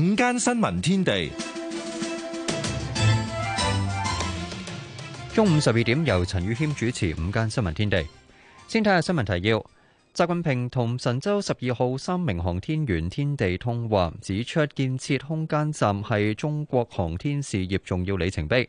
午間新聞天地，中午十二點由陳宇謙主持。午間新聞天地，先睇下新聞提要。習近平同神舟十二號三名航天員天地通話，指出建設空間站係中國航天事業重要里程碑。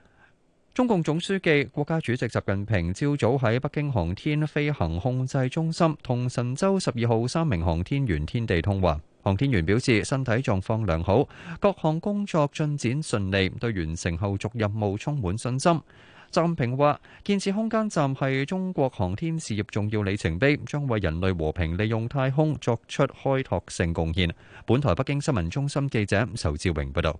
中共總書記、國家主席習近平朝早喺北京航天飛行控制中心同神舟十二號三名航天員天地通話。航天員表示身體狀況良好，各項工作進展順利，對完成後續任務充滿信心。習近平話：建設空間站係中國航天事業重要里程碑，將為人類和平利用太空作出開拓性貢獻。本台北京新聞中心記者仇志榮報道。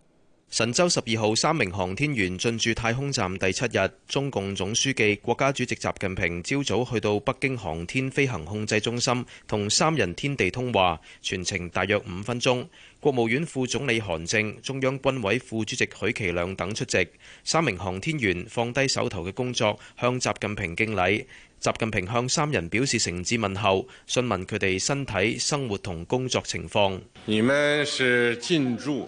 神舟十二號三名航天員進駐太空站第七日，中共總書記、國家主席習近平朝早去到北京航天飛行控制中心，同三人天地通話，全程大約五分鐘。國務院副總理韓正、中央軍委副主席許其亮等出席。三名航天員放低手頭嘅工作，向習近平敬禮。習近平向三人表示誠摯問候，詢問佢哋身體、生活同工作情況。你們是進駐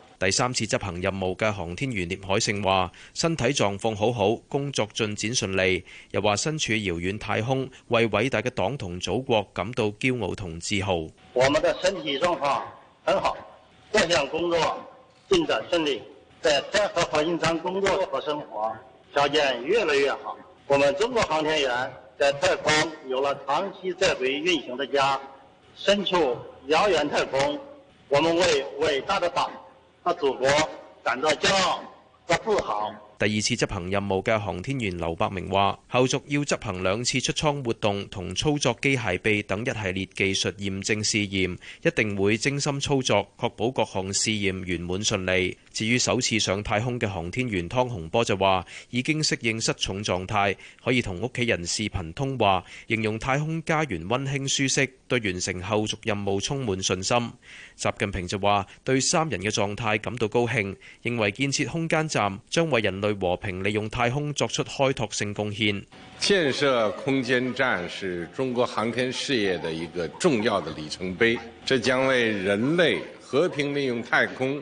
第三次執行任務嘅航天員聶海勝話，身體狀況好好，工作進展順利。又話，身處遙遠太空，為偉大嘅黨同祖國感到驕傲同自豪。我們的身體狀況很好，各項工作進展順利。在天和核心艙工作和生活條件越來越好。我們中國航天員在太空有了長期在軌運行的家。身處遙遠太空，我們為偉大的黨。為祖國感到驕傲，為自豪。第二次執行任務嘅航天員劉伯明話：後續要執行兩次出艙活動同操作機械臂等一系列技術驗證試驗，一定會精心操作，確保各項試驗圓滿順利。至於首次上太空嘅航天員湯洪波就話：已經適應失重狀態，可以同屋企人視頻通話，形容太空家園溫馨舒適，對完成後續任務充滿信心。習近平就話：對三人嘅狀態感到高興，認為建設空間站將為人類和平利用太空作出開拓性貢獻。建設空間站係中國航天事業嘅一個重要的里程碑，這將為人類和平利用太空，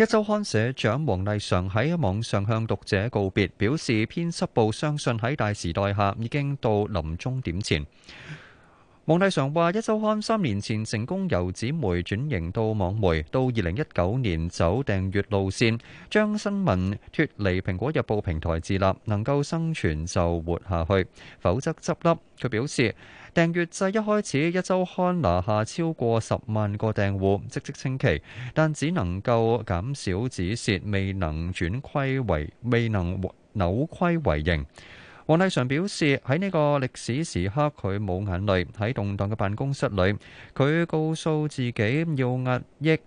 一周刊社長黃麗常喺網上向讀者告別，表示編輯部相信喺大時代下已經到臨終點前。黃麗常話，一周刊三年前成功由紙媒轉型到網媒，到二零一九年走訂閱路線，將新聞脫離蘋果日報平台自立，能夠生存就活下去，否則執笠。佢表示。訂閱制一開始，一周刊拿下超過十萬個訂戶，即即清奇，但只能夠減少止蝕，未能轉虧為未能扭虧為盈。王大強表示喺呢個歷史時刻，佢冇眼淚喺動盪嘅辦公室裏，佢告訴自己要壓抑。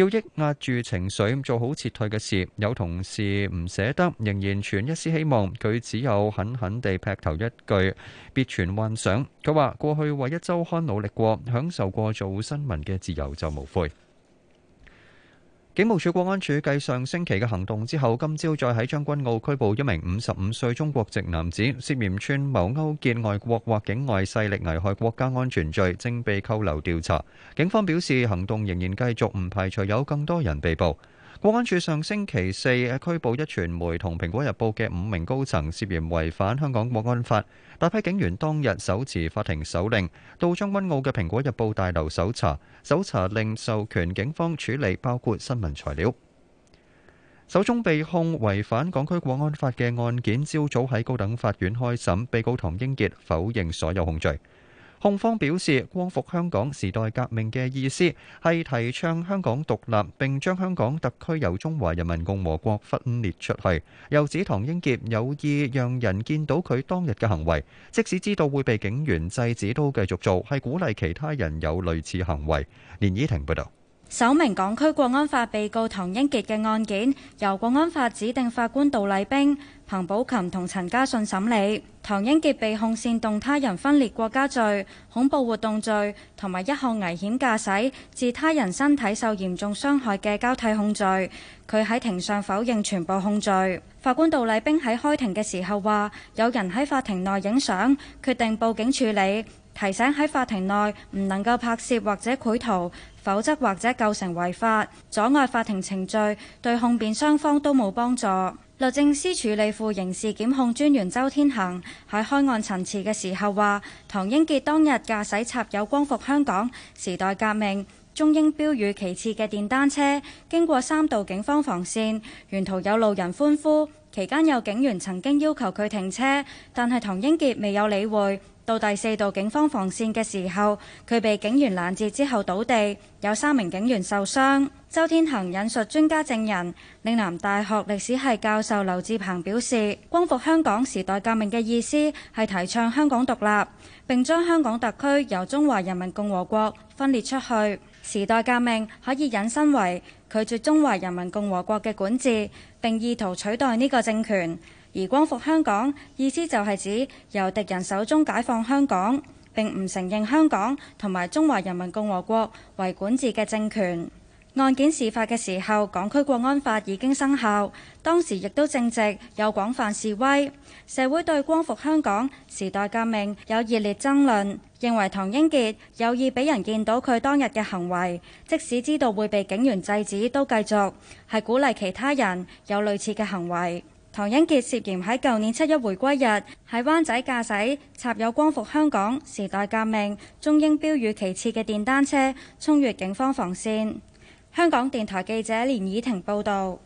要抑壓住情緒，做好撤退嘅事。有同事唔捨得，仍然存一絲希望。佢只有狠狠地劈頭一句：別存幻想。佢話：過去為一週刊努力過，享受過做新聞嘅自由，就無悔。警務處國安處繼上星期嘅行動之後，今朝再喺將軍澳拘捕一名五十五歲中國籍男子，涉嫌串謀勾結外國或境外勢力危害國家安全罪，正被扣留調查。警方表示，行動仍然繼續，唔排除有更多人被捕。國安處上星期四拘捕一傳媒同《蘋果日報》嘅五名高層，涉嫌違反香港國安法。大批警員當日手持法庭手令，到將軍澳嘅《蘋果日報》大樓搜查。搜查令授權警方處理包括新聞材料。首宗被控違反港區國安法嘅案件，朝早喺高等法院開審，被告唐英傑否認所有控罪。控方表示，光復香港時代革命嘅意思係提倡香港獨立，並將香港特區由中華人民共和國分裂出去。又指唐英傑有意讓人見到佢當日嘅行為，即使知道會被警員制止都繼續做，係鼓勵其他人有類似行為。連依婷報導。首名港區《國安法》被告唐英傑嘅案件，由《國安法》指定法官杜麗冰、彭寶琴同陳家信審理。唐英傑被控煽動他人分裂國家罪、恐怖活動罪同埋一項危險駕駛致他人身體受嚴重傷害嘅交替控罪。佢喺庭上否認全部控罪。法官杜麗冰喺開庭嘅時候話：有人喺法庭內影相，決定報警處理。提醒喺法庭內唔能夠拍攝或者繪圖，否則或者構成違法，阻礙法庭程序，對控辯雙方都冇幫助。律政司處理副刑事檢控專員周天恆喺開案陳詞嘅時候話唐英傑當日駕駛插有光復香港、時代革命、中英標語旗幟嘅電單車經過三道警方防線，沿途有路人歡呼，期間有警員曾經要求佢停車，但係唐英傑未有理會。到第四道警方防線嘅時候，佢被警員攔截之後倒地，有三名警員受傷。周天恒引述專家證人、嶺南大學歷史系教授劉智鵬表示，光復香港時代革命嘅意思係提倡香港獨立，並將香港特區由中華人民共和國分裂出去。時代革命可以引申為拒絕中華人民共和國嘅管治，並意圖取代呢個政權。而光復香港意思就係指由敵人手中解放香港，並唔承認香港同埋中華人民共和國為管治嘅政權。案件事發嘅時候，港區國安法已經生效，當時亦都正值有廣泛示威，社會對光復香港時代革命有熱烈爭論，認為唐英傑有意俾人見到佢當日嘅行為，即使知道會被警員制止，都繼續係鼓勵其他人有類似嘅行為。唐英傑涉嫌喺舊年七一回歸日喺灣仔駕駛插有光復香港、時代革命、中英標語旗幟嘅電單車衝越警方防線。香港電台記者連以婷報導。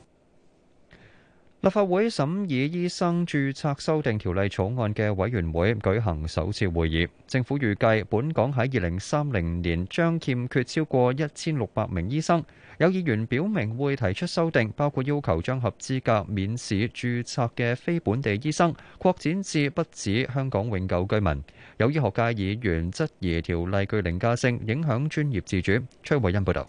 立法會審議醫生註冊修訂條例草案嘅委員會舉行首次會議。政府預計本港喺2030年將欠缺超過1600名醫生。有議員表明會提出修訂，包括要求將合資格免試註冊嘅非本地醫生擴展至不止香港永久居民。有醫學界議員質疑條例具凌駕性，影響專業自主。崔慧欣報道。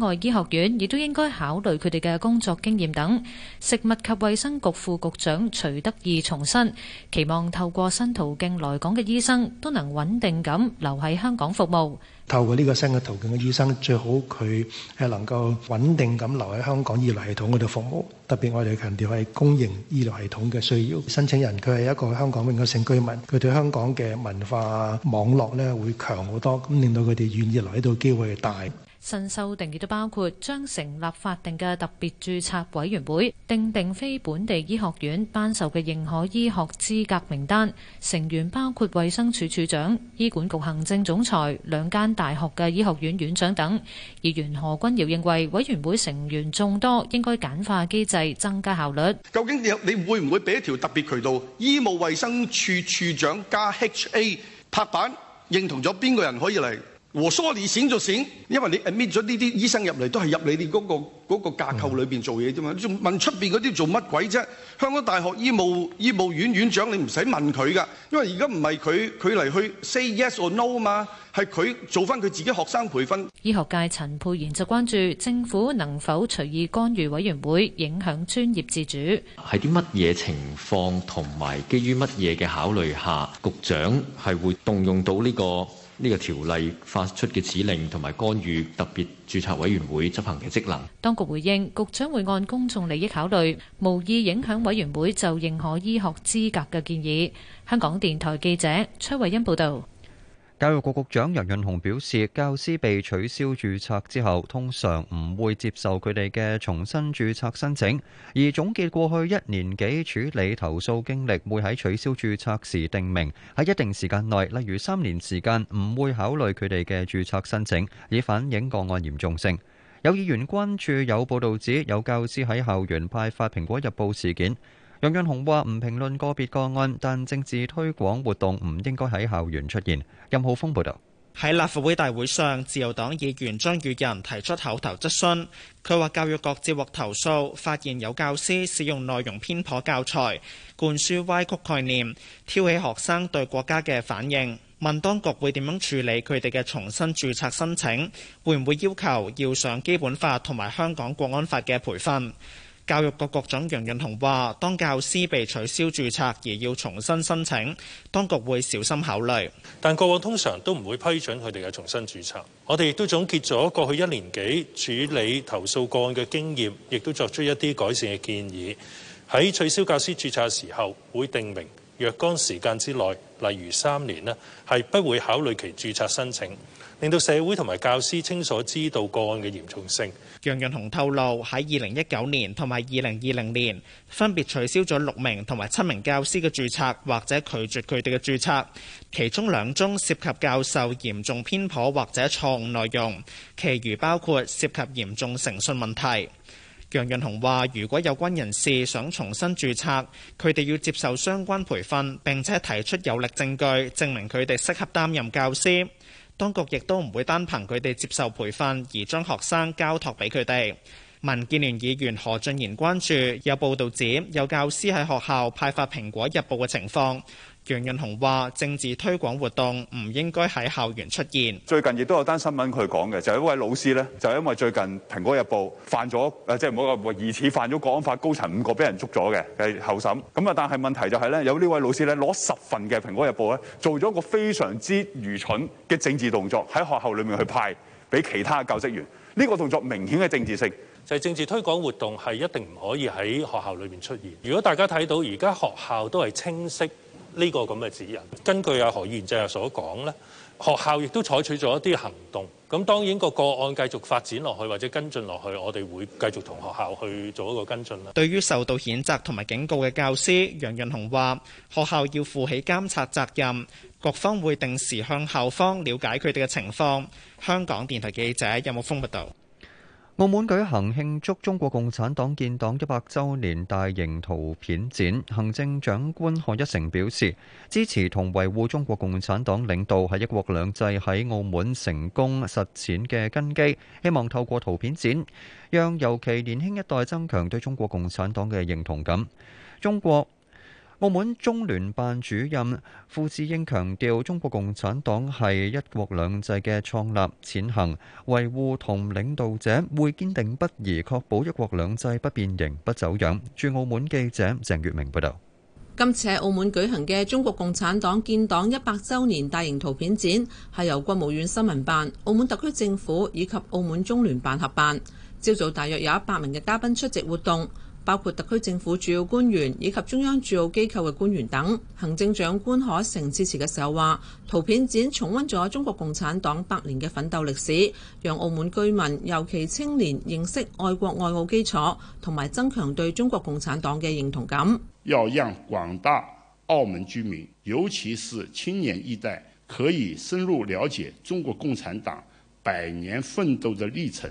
外醫學院亦都應該考慮佢哋嘅工作經驗等。食物及衛生局副局長徐德義重申，期望透過新途徑來港嘅醫生都能穩定咁留喺香港服務。透過呢個新嘅途徑嘅醫生，最好佢係能夠穩定咁留喺香港醫療系統嗰度服務。特別我哋強調係公營醫療系統嘅需要。申請人佢係一個香港永久性居民，佢對香港嘅文化網絡呢會強好多，咁令到佢哋願意留喺度機會大。新修訂亦都包括將成立法定嘅特別註冊委員會，定定非本地醫學院頒授嘅認可醫學資格名單。成員包括衛生署署長、醫管局行政總裁、兩間大學嘅醫學院院長等。議員何君堯認為，委員會成員眾多，應該簡化機制，增加效率。究竟你會不會唔會俾一條特別渠道？醫務衛生處處長加 HA 拍板認同咗邊個人可以嚟？和疏離，閃就閃，因為你 admit 咗呢啲醫生入嚟，都係入你哋嗰個嗰個架構裏邊做嘢啫嘛。你、嗯、仲問出邊嗰啲做乜鬼啫？香港大學醫務醫務院院長，你唔使問佢噶，因為而家唔係佢佢嚟去 say yes or no 啊嘛，係佢做翻佢自己學生培訓。醫學界陳沛然就關注政府能否隨意干預委員會，影響專業自主。係啲乜嘢情況同埋基於乜嘢嘅考慮下，局長係會動用到呢個？呢、個條例發出嘅指令同埋干預特別註冊委員會執行嘅職能。當局回應，局長會按公眾利益考慮，無意影響委員會就認可醫學資格嘅建議，香港電台記者崔慧欣報道。教育局局長楊潤雄表示，教師被取消註冊之後，通常唔會接受佢哋嘅重新註冊申請，而總結過去一年幾處理投訴經歷，會喺取消註冊時定名。喺一定時間內，例如三年時間，唔會考慮佢哋嘅註冊申請，以反映個案嚴重性。有議員關注，有報道指有教師喺校園派發蘋果日報事件。楊潤雄話：唔評論個別個案，但政治推廣活動唔應該喺校園出現。任浩峰報導。喺立法會大會上，自由黨議員張宇人提出口頭質詢，佢話教育局接獲投訴，發現有教師使用內容偏頗教材，灌輸歪曲概念，挑起學生對國家嘅反應。問當局會點樣處理佢哋嘅重新註冊申請？會唔會要求要上基本法同埋香港國安法嘅培訓？教育局局長楊潤雄話，當教師被取消注冊而要重新申請，當局會小心考慮。但過往通常都唔會批准佢哋嘅重新注冊。我哋亦都總結咗過去一年幾處理投訴個案嘅經驗，亦都作出一啲改善嘅建議。喺取消教師注冊嘅時候，會定明若干時間之內，例如三年呢，係不會考慮其注冊申請。令到社會同埋教師清楚知道個案嘅嚴重性。楊潤雄透露喺二零一九年同埋二零二零年分別取消咗六名同埋七名教師嘅註冊，或者拒絕佢哋嘅註冊。其中兩宗涉及教授嚴重偏頗或者錯誤內容，其餘包括涉及嚴重誠信問題。楊潤雄話：如果有關人士想重新註冊，佢哋要接受相關培訓，並且提出有力證據證明佢哋適合擔任教師。當局亦都唔會單憑佢哋接受培訓而將學生交託畀佢哋。民建聯議員何俊賢關注，有報道指有教師喺學校派發蘋果日報嘅情況。楊潤雄話：政治推廣活動唔應該喺校園出現。最近亦都有單新聞，佢講嘅就係一位老師咧，就因為最近《蘋果日報》犯咗誒，即係唔好話疑似犯咗國安法高層五個，俾人捉咗嘅係候審。咁啊，但係問題就係咧，有呢位老師咧攞十份嘅《蘋果日報》咧，做咗一個非常之愚蠢嘅政治動作喺學校裏面去派俾其他教職員。呢個動作明顯係政治性，就係政治推廣活動係一定唔可以喺學校裏面出現。如果大家睇到而家學校都係清晰。呢、這個咁嘅指引，根據阿何議員就所講呢學校亦都採取咗一啲行動。咁當然個個案繼續發展落去或者跟進落去，我哋會繼續同學校去做一個跟進啦。對於受到譴責同埋警告嘅教師，楊潤雄話：學校要負起監察責任，各方會定時向校方了解佢哋嘅情況。香港電台記者任木峯報道。澳門舉行慶祝中國共產黨建黨一百周年大型圖片展，行政長官賀一誠表示，支持同維護中國共產黨領導係一國兩制喺澳門成功實踐嘅根基，希望透過圖片展，讓尤其年輕一代增強對中國共產黨嘅認同感。中國。澳門中聯辦主任傅自應強調，中國共產黨係一國兩制嘅創立、踐行、維護同領導者，會堅定不移確保一國兩制不變形、不走樣。駐澳門記者鄭月明報道。今次喺澳門舉行嘅中國共產黨建黨一百周年大型圖片展，係由國務院新聞辦、澳門特區政府以及澳門中聯辦合辦。朝早大約有一百名嘅嘉賓出席活動。包括特區政府主要官員以及中央駐澳機構嘅官員等，行政長官可成致辭嘅時候話：圖片展重温咗中國共產黨百年嘅奮鬥歷史，讓澳門居民尤其青年認識愛國愛澳基礎，同埋增強對中國共產黨嘅認同感。要讓廣大澳門居民，尤其是青年一代，可以深入了解中國共產黨百年奮鬥嘅歷程。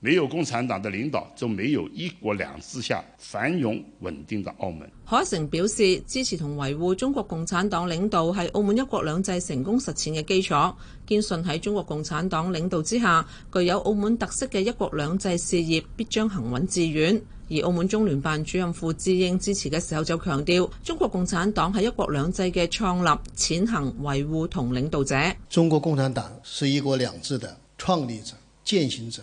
沒有共產黨的領導，就沒有一國兩制下繁榮穩定的澳門。海城表示支持同維護中國共產黨領導係澳門一國兩制成功實踐嘅基礎，堅信喺中國共產黨領導之下，具有澳門特色嘅一國兩制事業必將行穩致遠。而澳門中聯辦主任傅自應支持嘅時候就強調，中國共產黨係一國兩制嘅創立、踐行、維護同領導者。中國共產黨是一國兩制的創立者、踐行者。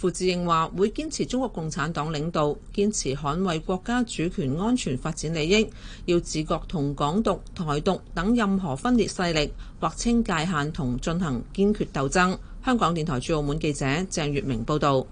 傅自應話：會堅持中國共產黨領導，堅持捍衛國家主權、安全、發展利益，要自覺同港獨、台獨等任何分裂勢力劃清界限，同進行堅決鬥爭。香港電台駐澳門記者鄭月明報道。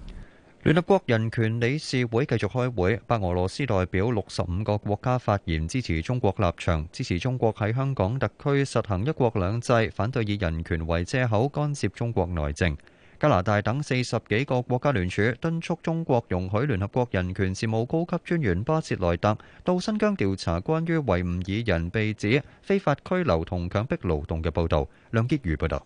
聯合國人權理事會繼續開會，白俄羅斯代表六十五個國家發言，支持中國立場，支持中國喺香港特區實行一國兩制，反對以人權為借口干涉中國內政。加拿大等四十幾個國家聯署敦促中國容許聯合國人權事務高級專員巴切萊特到新疆調查關於維吾爾人被指非法拘留同強迫勞動嘅報導。梁潔如報導。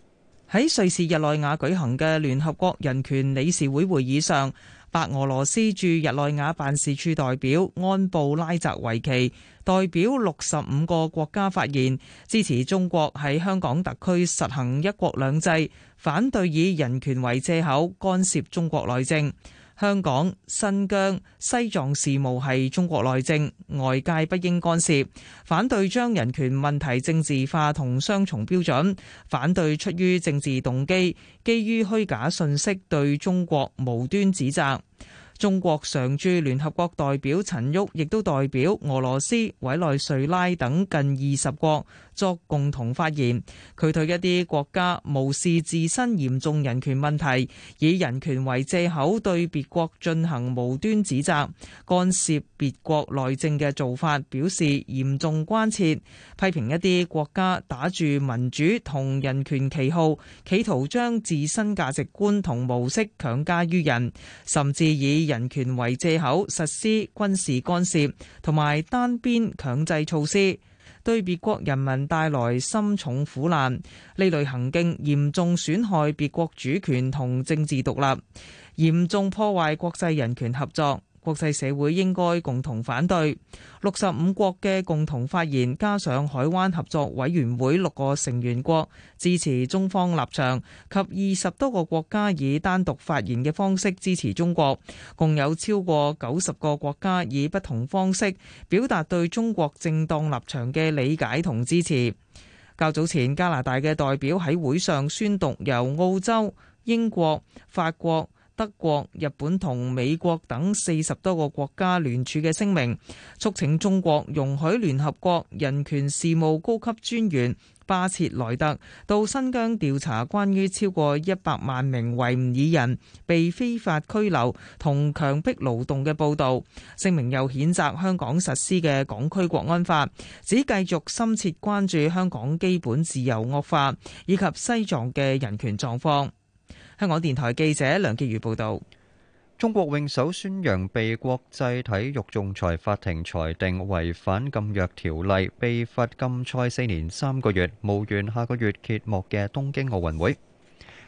喺瑞士日內瓦舉行嘅聯合國人權理事會會議上，白俄羅斯駐日內瓦辦事處代表安布拉澤維奇代表六十五個國家發言，支持中國喺香港特區實行一國兩制，反對以人權為藉口干涉中國內政。香港、新疆、西藏事務係中國內政，外界不應干涉。反對將人權問題政治化同雙重標準，反對出於政治動機，基於虛假信息對中國無端指責。中國常駐聯合國代表陳旭亦都代表俄羅斯、委內瑞拉等近二十國，作共同發言，佢對一啲國家無視自身嚴重人權問題，以人權為借口對別國進行無端指責、干涉別國內政嘅做法表示嚴重關切，批評一啲國家打住民主同人權旗號，企圖將自身價值觀同模式強加於人，甚至以人權為借口實施軍事干涉，同埋單邊強制措施。對別國人民帶來深重苦難，呢類行徑嚴重損害別國主權同政治獨立，嚴重破壞國際人權合作。國際社會應該共同反對。六十五國嘅共同發言，加上海灣合作委員會六個成員國支持中方立場，及二十多個國家以單獨發言嘅方式支持中國，共有超過九十個國家以不同方式表達對中國正當立場嘅理解同支持。較早前加拿大嘅代表喺會上宣讀由澳洲、英國、法國、德國、日本同美國等四十多個國家聯署嘅聲明，促請中國容許聯合國人權事務高級專員巴切萊特到新疆調查關於超過一百萬名維吾爾人被非法拘留同強迫勞動嘅報道。聲明又譴責香港實施嘅港區國安法，只繼續深切關注香港基本自由惡化以及西藏嘅人權狀況。香港電台記者梁潔如報道：中國泳手孫楊被國際體育仲裁法庭裁定違反禁藥條例，被罰禁賽四年三個月，無緣下個月揭幕嘅東京奧運會。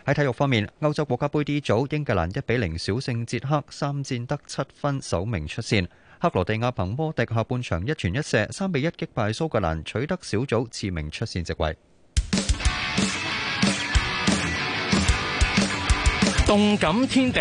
喺體育方面，歐洲國家杯 D 組，英格蘭一比零小勝捷克，三戰得七分，首名出線；克羅地亞憑摩迪下半場一傳一射，三比一擊敗蘇格蘭，取得小組次名出線席位。動感天地，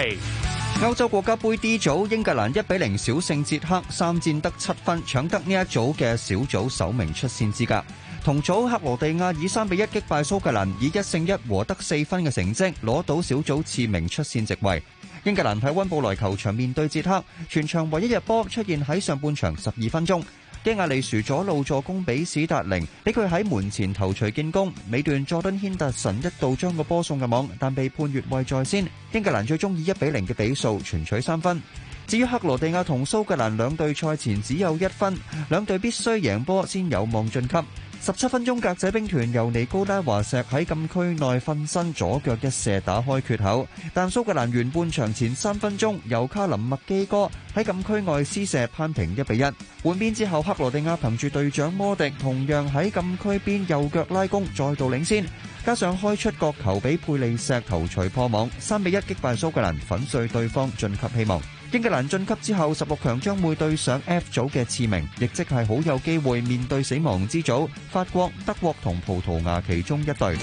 歐洲國家盃 D 組，英格蘭一比零小勝捷克，三戰得七分，搶得呢一組嘅小組首名出線資格。同組克羅地亞以三比一擊敗蘇格蘭，以一勝一和得四分嘅成績，攞到小組次名出線席位。英格蘭喺溫布萊球場面對捷克，全場唯一入波出現喺上半場十二分鐘。基亞利殊左路助攻俾史達靈，俾佢喺門前頭錘建功。尾段佐敦軒達臣一度將個波送入網，但被判越位在先。英格蘭最終以一比零嘅比數全取三分。至於克羅地亞同蘇格蘭兩隊賽前只有一分，兩隊必須贏波先有望晉級。十七分鐘，格仔兵團由尼高拉華石喺禁區內分身左腳一射打開缺口，但蘇格蘭完半場前三分鐘，由卡林麥基哥喺禁區外施射攀平一比一。換邊之後，克羅地亞憑住隊長摩迪同樣喺禁區邊右腳拉弓，再度領先，加上開出角球俾佩利石頭錘破網，三比一擊敗蘇格蘭，粉碎對方晉級希望。英格蘭晉級之後，十六強將會對上 F 組嘅次名，亦即係好有機會面對死亡之組，法國、德國同葡萄牙其中一隊。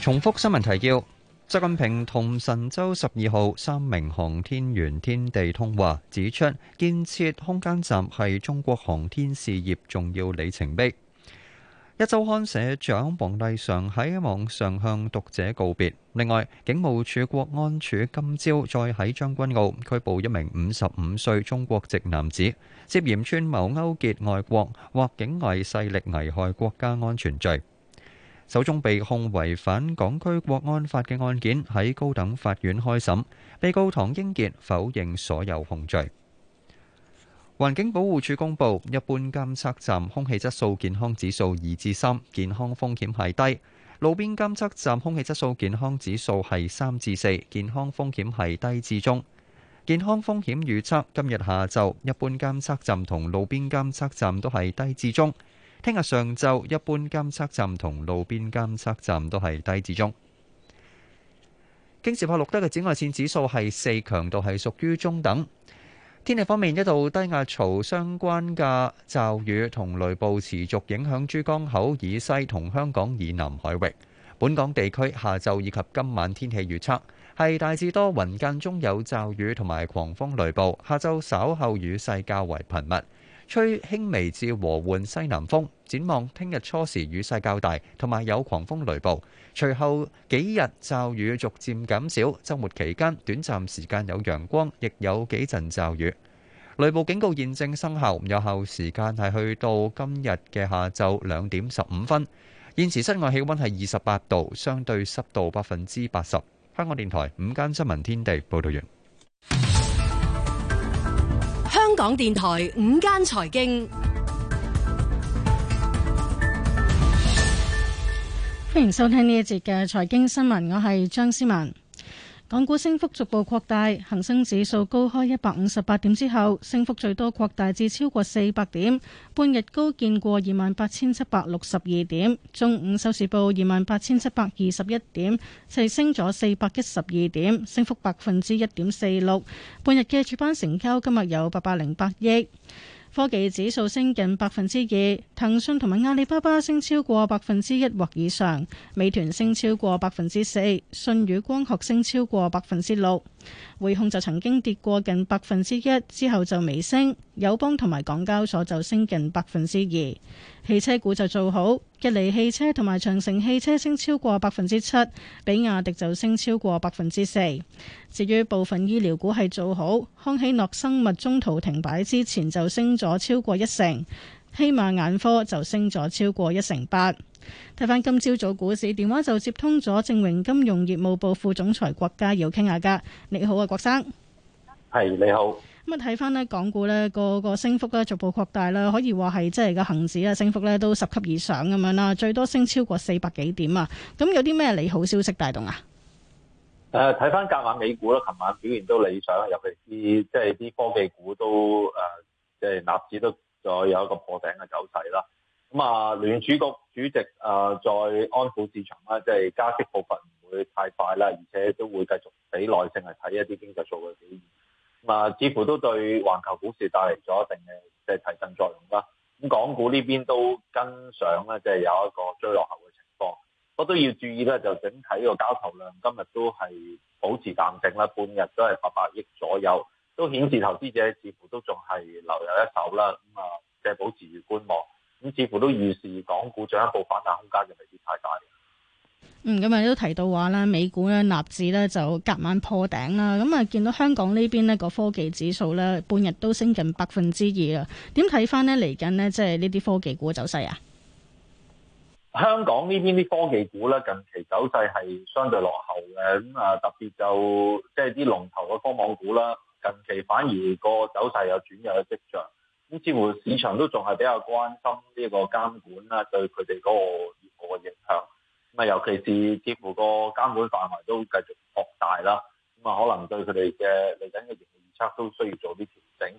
重複新聞提要：習近平同神舟十二號三名航天員天地通話，指出建設空間站係中國航天事業重要里程碑。《一週刊》社長黃麗常喺網上向讀者告別。另外，警務處國安處今朝再喺將軍澳拘捕一名五十五歲中國籍男子，涉嫌串謀勾結外國或境外勢力危害國家安全罪。首宗被控違反港區國安法嘅案件喺高等法院開審，被告唐英傑否認所有控罪。環境保護署公布，一般監測站空氣質素健康指數二至三，健康風險係低；路邊監測站空氣質素健康指數係三至四，健康風險係低至中。健康風險預測，今日下晝一般監測站同路邊監測站都係低至中；聽日上晝一般監測站同路邊監測站都係低至中。京士柏錄得嘅紫外線指數係四，強度係屬於中等。天氣方面，一道低壓槽相關嘅驟雨同雷暴持續影響珠江口以西同香港以南海域。本港地區下晝以及今晚天氣預測係大致多雲，間中有驟雨同埋狂風雷暴，下晝稍後雨勢較為頻密。吹輕微至和緩西南風，展望聽日初時雨勢較大，同埋有狂風雷暴。隨後幾日驟雨逐漸減少，週末期間短暫時間有陽光，亦有幾陣驟雨。雷暴警告現正生效，有效時間係去到今日嘅下晝兩點十五分。現時室外氣温係二十八度，相對濕度百分之八十。香港電台午間新聞天地，報道完。港電台午間財經，歡迎收聽呢一節嘅財經新聞，我係張思文。港股升幅逐步擴大，恒生指數高開一百五十八點之後，升幅最多擴大至超過四百點，半日高見過二萬八千七百六十二點，中午收市報二萬八千七百二十一點，細升咗四百一十二點，升幅百分之一點四六，半日嘅主板成交今日有八百零八億。科技指數升近百分之二，騰訊同埋阿里巴巴升超過百分之一或以上，美團升超過百分之四，舜宇光學升超過百分之六。匯控就曾經跌過近百分之一，之後就微升。友邦同埋港交所就升近百分之二。汽車股就做好，吉利汽車同埋長城汽車升超過百分之七，比亞迪就升超過百分之四。至於部分醫療股係做好，康希諾生物中途停擺之前就升咗超過一成，希瑪眼科就升咗超過一成八。睇翻今朝早，早股市電話就接通咗，正榮金融業務部副總裁郭家耀傾下噶。你好啊，郭生。係你好。咁啊，睇翻呢港股呢個個升幅咧，逐步擴大啦，可以話係即係個恒指啊升幅咧，都十級以上咁樣啦，最多升超過四百幾點啊。咁有啲咩利好消息帶動啊？誒、呃，睇翻隔晚美股咯，琴晚表現都理想，尤其是即係啲科技股都誒、呃，即係納指都再有一個破頂嘅走勢啦。咁啊，聯儲局主席啊，在，呃，安撫市場啦，即係加息部分唔會太快啦，而且都會繼續俾耐性去睇一啲經濟數據表現。咁啊，似乎都對環球股市帶嚟咗一定嘅即係提振作用啦。咁港股呢邊都跟上啦，即係有一個追落後嘅情況。我都要注意咧，就整體個交投量今日都係保持淡靜啦，半日都係八百億左右，都顯示投資者似乎都仲係留有一手啦。咁啊，即係保持住觀望。咁似乎都預示港股進一步反彈空間嘅未必太大。嗯，咁啊都提到話啦，美股咧納指咧就隔晚破頂啦。咁啊，見到香港呢邊咧個科技指數咧半日都升近百分之二啊。點睇翻呢嚟緊呢？即係呢啲科技股嘅走勢啊？香港呢邊啲科技股咧近期走勢係相對落後嘅。咁啊特別就即係啲龍頭嘅科網股啦，近期反而個走勢有轉弱嘅跡象。咁似乎市場都仲係比較關心呢個監管啦，對佢哋嗰個業務嘅影響。咁啊，尤其是似乎個監管範圍都繼續擴大啦。咁啊，可能對佢哋嘅嚟緊嘅業務預測都需要做啲調整。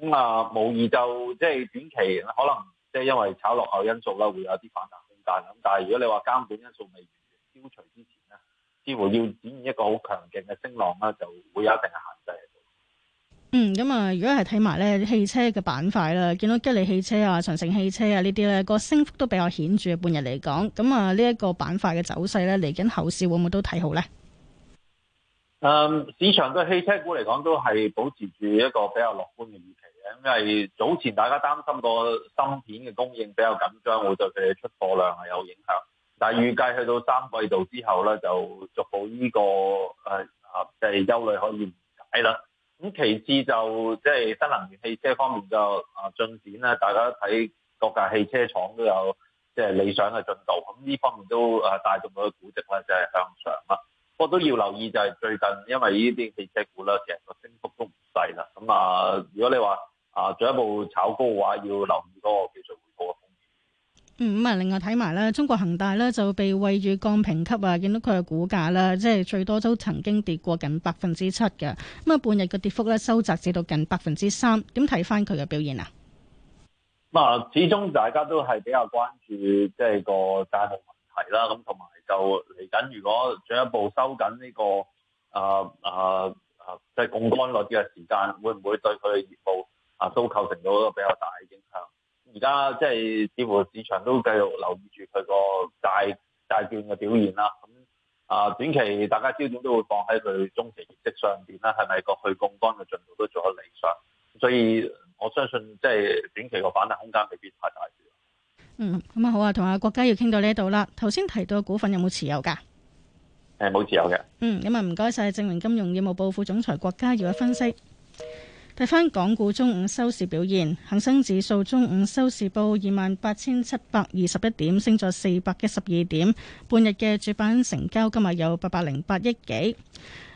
咁啊，無疑就即、是、係短期可能即係因為炒落後因素啦，會有啲反彈性大。咁但係如果你話監管因素未消除之前呢，似乎要展現一個好強勁嘅升浪啦，就會有一定嗯，咁啊，如果係睇埋咧汽車嘅板塊啦，見到吉利汽車啊、長城汽車啊呢啲咧個升幅都比較顯著，半日嚟講，咁啊呢一個板塊嘅走勢咧嚟緊後市會唔會都睇好咧？誒、嗯，市場對汽車股嚟講都係保持住一個比較樂觀嘅預期嘅，因為早前大家擔心個芯片嘅供應比較緊張，會對佢嘅出貨量係有影響，嗯，但係預計去到三季度之後咧就逐步呢、這個誒啊即係憂慮可以不解啦。咁其次就即係新能源汽車方面就啊進展啦，大家睇各間汽車廠都有即係理想嘅進度，咁呢方面都啊帶動到估值咧就係向上啦。不過都要留意就係最近，因為呢啲汽車股咧成個升幅都唔細啦。咁啊，如果你話啊進一步炒高嘅話，要留意嗰個技術回報。嗯，咁啊，另外睇埋咧，中國恒大咧就被惠譽降評級啊，見到佢嘅股價啦，即係最多都曾經跌過近百分之七嘅，咁啊，半日嘅跌幅咧收窄至到近百分之三，點睇翻佢嘅表現啊？啊，始終大家都係比較關注即係、就是、個債務問題啦，咁同埋就嚟緊，如果進一步收緊呢，這個啊啊啊即係槓桿率嘅時間，會唔會對佢嘅業務啊都構成到一個比較大嘅影響？而家即係似乎市場都繼續留意住佢個債債券嘅表現啦。咁啊，短期大家焦點都會放喺佢中期業績上邊啦。係咪過去槓桿嘅進度都做得理想？所以我相信即係短期個反彈空間未必太大。嗯，咁啊好啊，同阿郭家耀傾到呢度啦。頭先提到嘅股份有冇持有㗎？誒冇持有嘅。嗯，咁啊唔該晒。正榮金融業務部副總裁郭家耀嘅分析。睇返港股中午收市表現，恒生指數中午收市報二萬八千七百二十一點，升咗四百一十二點。半日嘅主板成交金額有八百零八億幾，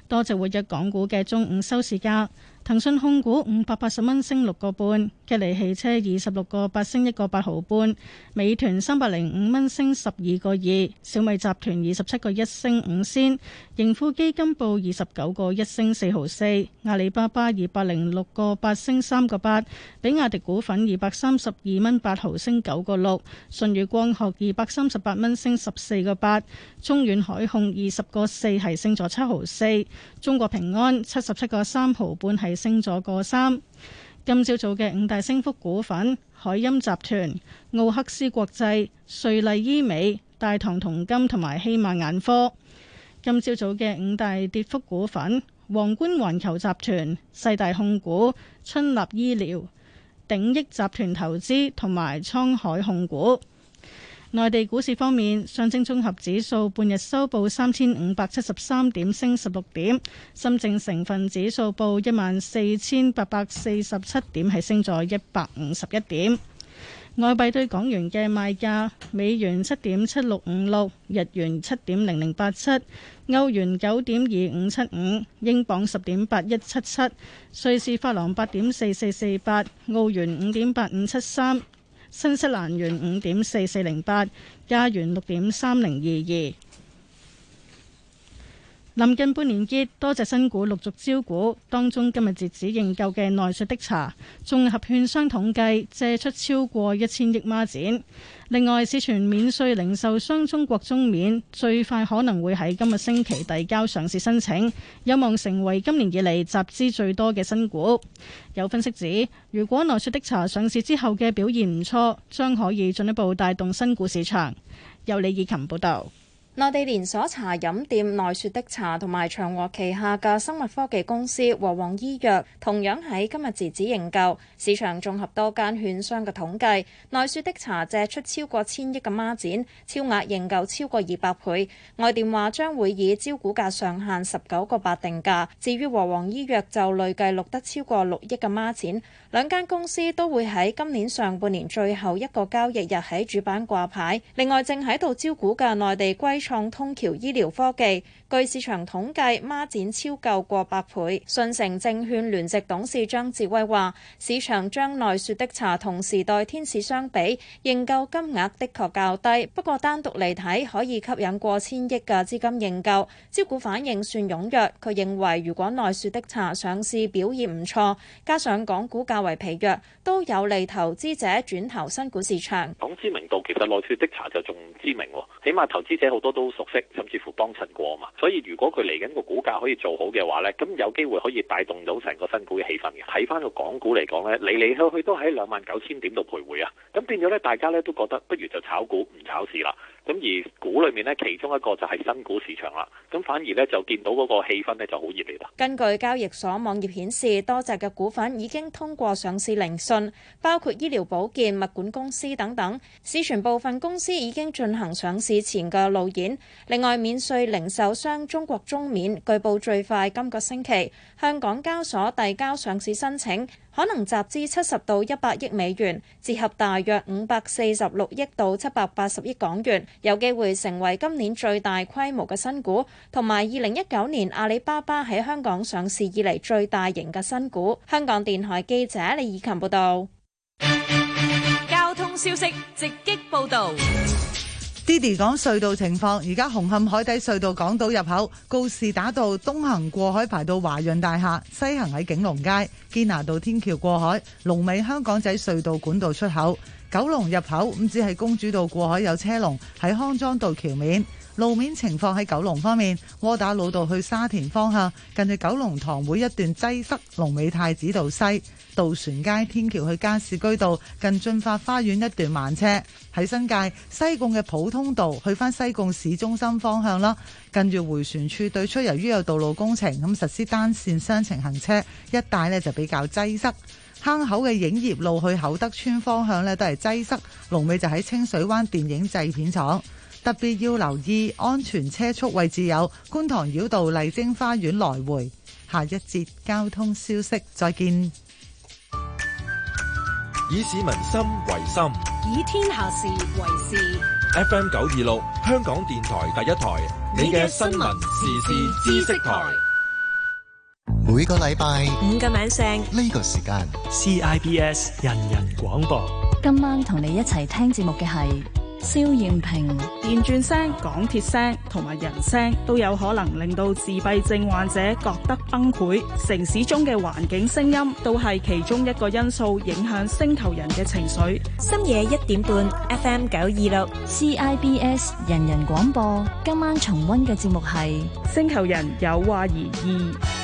多隻活躍港股嘅中午收市價。騰訊控股五百八十蚊升六個半，吉利汽車二十六個八升一個八毫半，美團三百零五蚊升十二個二，小米集團二十七個一升五仙，盈富基金報二十九個一升四毫四，阿里巴巴二百零六個八升三個八，比亞迪股份二百三十二蚊八毫升九個六，舜宇光學二百三十八蚊升十四個八，中遠海控二十個四係升咗七毫四，中國平安七十七個三毫半係。升咗個三。今朝早嘅五大升幅股份：海音集團、奧克斯國際、瑞麗醫美、大唐銅金同埋希邁眼科。今朝早嘅五大跌幅股份：皇冠環球集團、世大控股、春立醫療、鼎益集團投資同埋滄海控股。內地股市方面，上證綜合指數半日收報三千五百七十三點，升十六點；深證成分指數報一萬四千八百四十七點，係升咗一百五十一點。外幣對港元嘅賣價：美元七點七六五六，日元七點零零八七，歐元九點二五七五，英鎊十點八一七七，瑞士法郎八點四四四八，澳元五點八五七三。新西蘭元五點四四零八，加元六點三零二二。臨近半年結，多隻新股陸續招股，當中今日截止認購嘅奈雪的茶，綜合券商統計借出超過一千億孖展。另外，市場免稅零售商中國中免最快可能會喺今個星期遞交上市申請，有望成為今年以嚟集資最多嘅新股。有分析指，如果奈雪的茶上市之後嘅表現唔錯，將可以進一步帶動新股市場。由李以琴報道。內地連鎖茶飲店奈雪的茶同埋長和旗下嘅生物科技公司和黃醫藥同樣喺今日截止認購。市場綜合多間券商嘅統計，奈雪的茶借出超過千億嘅孖展，超額認購超過二百倍。外電話將會以招股價上限十九個八定價。至於和黃醫藥就累計錄得超過六億嘅孖展，兩間公司都會喺今年上半年最後一個交易日喺主板掛牌。另外，正喺度招股嘅內地歸。創通橋醫療科技，據市場統計孖展超購過百倍。信誠證券聯席董事張智威話，市場將內雪的茶同時代天使相比，認購金額的確較低，不過單獨嚟睇可以吸引過千億嘅資金認購。招股反應算踴躍，佢認為如果內雪的茶上市表現唔錯，加上港股較為疲弱，都有利投資者轉投新股市場。講知名度，其實內雪的茶就仲唔知名，起碼投資者好多。都熟悉，甚至乎幫襯過嘛，所以如果佢嚟緊個股價可以做好嘅話呢，咁有機會可以帶動到成個新股嘅氣氛嘅。睇翻個港股嚟講呢，嚟嚟去去都喺兩萬九千點度徘徊啊，咁變咗呢，大家呢都覺得不如就炒股唔炒市啦。咁而股裏面呢，其中一個就係新股市場啦。咁反而呢就見到嗰個氣氛呢就好熱烈啦。根據交易所網頁顯示，多隻嘅股份已經通過上市聆訊，包括醫療保健、物管公司等等。市傳部分公司已經進行上市前嘅路演。另外，免稅零售商中國中免據報最快今個星期向港交所遞交上市申請，可能集資七十到一百億美元，折合大約五百四十六億到七百八十億港元。有機會成為今年最大規模嘅新股，同埋二零一九年阿里巴巴喺香港上市以嚟最大型嘅新股。香港電台記者李以琴報道。交通消息直擊報道。d i d y 講隧道情況，而家紅磡海底隧道港島入口告士打道東行過海排到華潤大廈，西行喺景隆街堅拿道天橋過海，龍尾香港仔隧道管道出口。九龍入口咁只係公主道過海有車龍，喺康莊道橋面路面情況喺九龍方面，窩打老道去沙田方向，近住九龍塘會一段擠塞；龍尾太子道西，渡船街天橋去加士居道，近駿發花園一段慢車。喺新界西貢嘅普通道去翻西貢市中心方向啦，近住回旋處對出，由於有道路工程咁實施單綫雙程行車，一帶呢就比較擠塞。坑口嘅影業路去厚德村方向咧都係擠塞，龍尾就喺清水灣電影製片廠。特別要留意安全車速位置有觀塘繞道麗晶花園來回。下一節交通消息再見。以市民心為心，以天下事為事。FM 九二六，香港電台第一台，你嘅新聞時事知識台。每個禮拜五個晚上呢個時間 CIBS 人人廣播。今晚同你一齊聽節目嘅係蕭艷萍。電鑽聲、港鐵聲同埋人聲都有可能令到自閉症患者覺得崩潰。城市中嘅環境聲音都係其中一個因素，影響星球人嘅情緒。深夜一點半，FM 九二六 CIBS 人人廣播。今晚重溫嘅節目係星球人有話而意。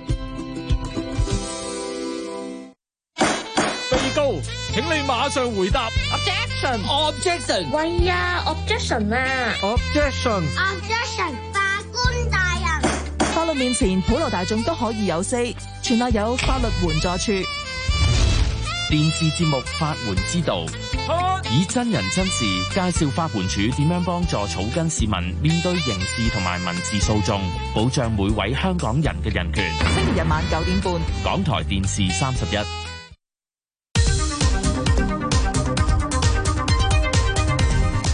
請你馬上回答。Objection！Objection！Objection, 喂呀，Objection 啊！Objection！Objection！法 Objection, 官大人，法律面前普羅大眾都可以有聲，全賴有法律援助處。電視節目《法援之道》啊，以真人真事介紹法援處點樣幫助草根市民面對刑事同埋民事訴訟，保障每位香港人嘅人權。星期日晚九點半，港台電視三十一。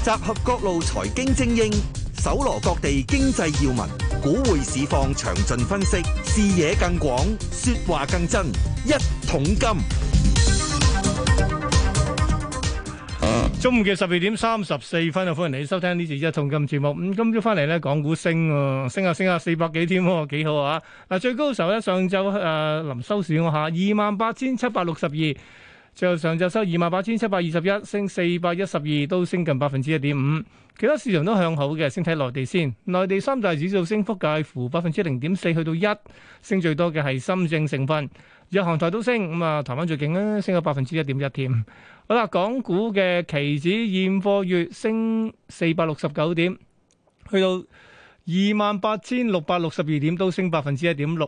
集合各路財經精英，搜羅各地經濟要聞，股匯市況詳盡分析，視野更廣，說話更真。一桶金。中午嘅十二點三十四分，歡迎你收聽呢次一桶金節目。咁今朝翻嚟咧，港股升喎，升下升下四百幾添，幾好啊！嗱，最高嘅時候咧，上晝誒，臨收市我下二萬八千七百六十二，就上晝收二萬八千七百二十一，升四百一十二，都升近百分之一點五。其他市場都向好嘅，先睇內地先。內地三大指數升幅介乎百分之零點四去到一，升最多嘅係深證成分。日韓台都升，咁啊，台灣最勁咧，升咗百分之一點一添。好啦，港股嘅期指現貨月升四百六十九點，去到二萬八千六百六十二點，都升百分之一點六，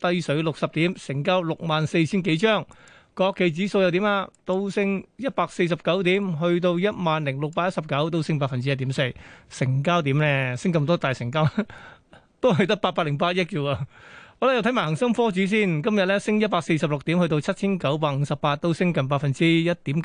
低水六十點，成交六萬四千幾張。國企指數又點啊？都升一百四十九點，去到一萬零六百一十九，都升百分之一點四。成交點咧，升咁多，大成交都係得八百零八億咋喎？好啦，又睇埋恒生科指先，今日咧升一百四十六點，去到七千九百五十八，都升近百分之一點。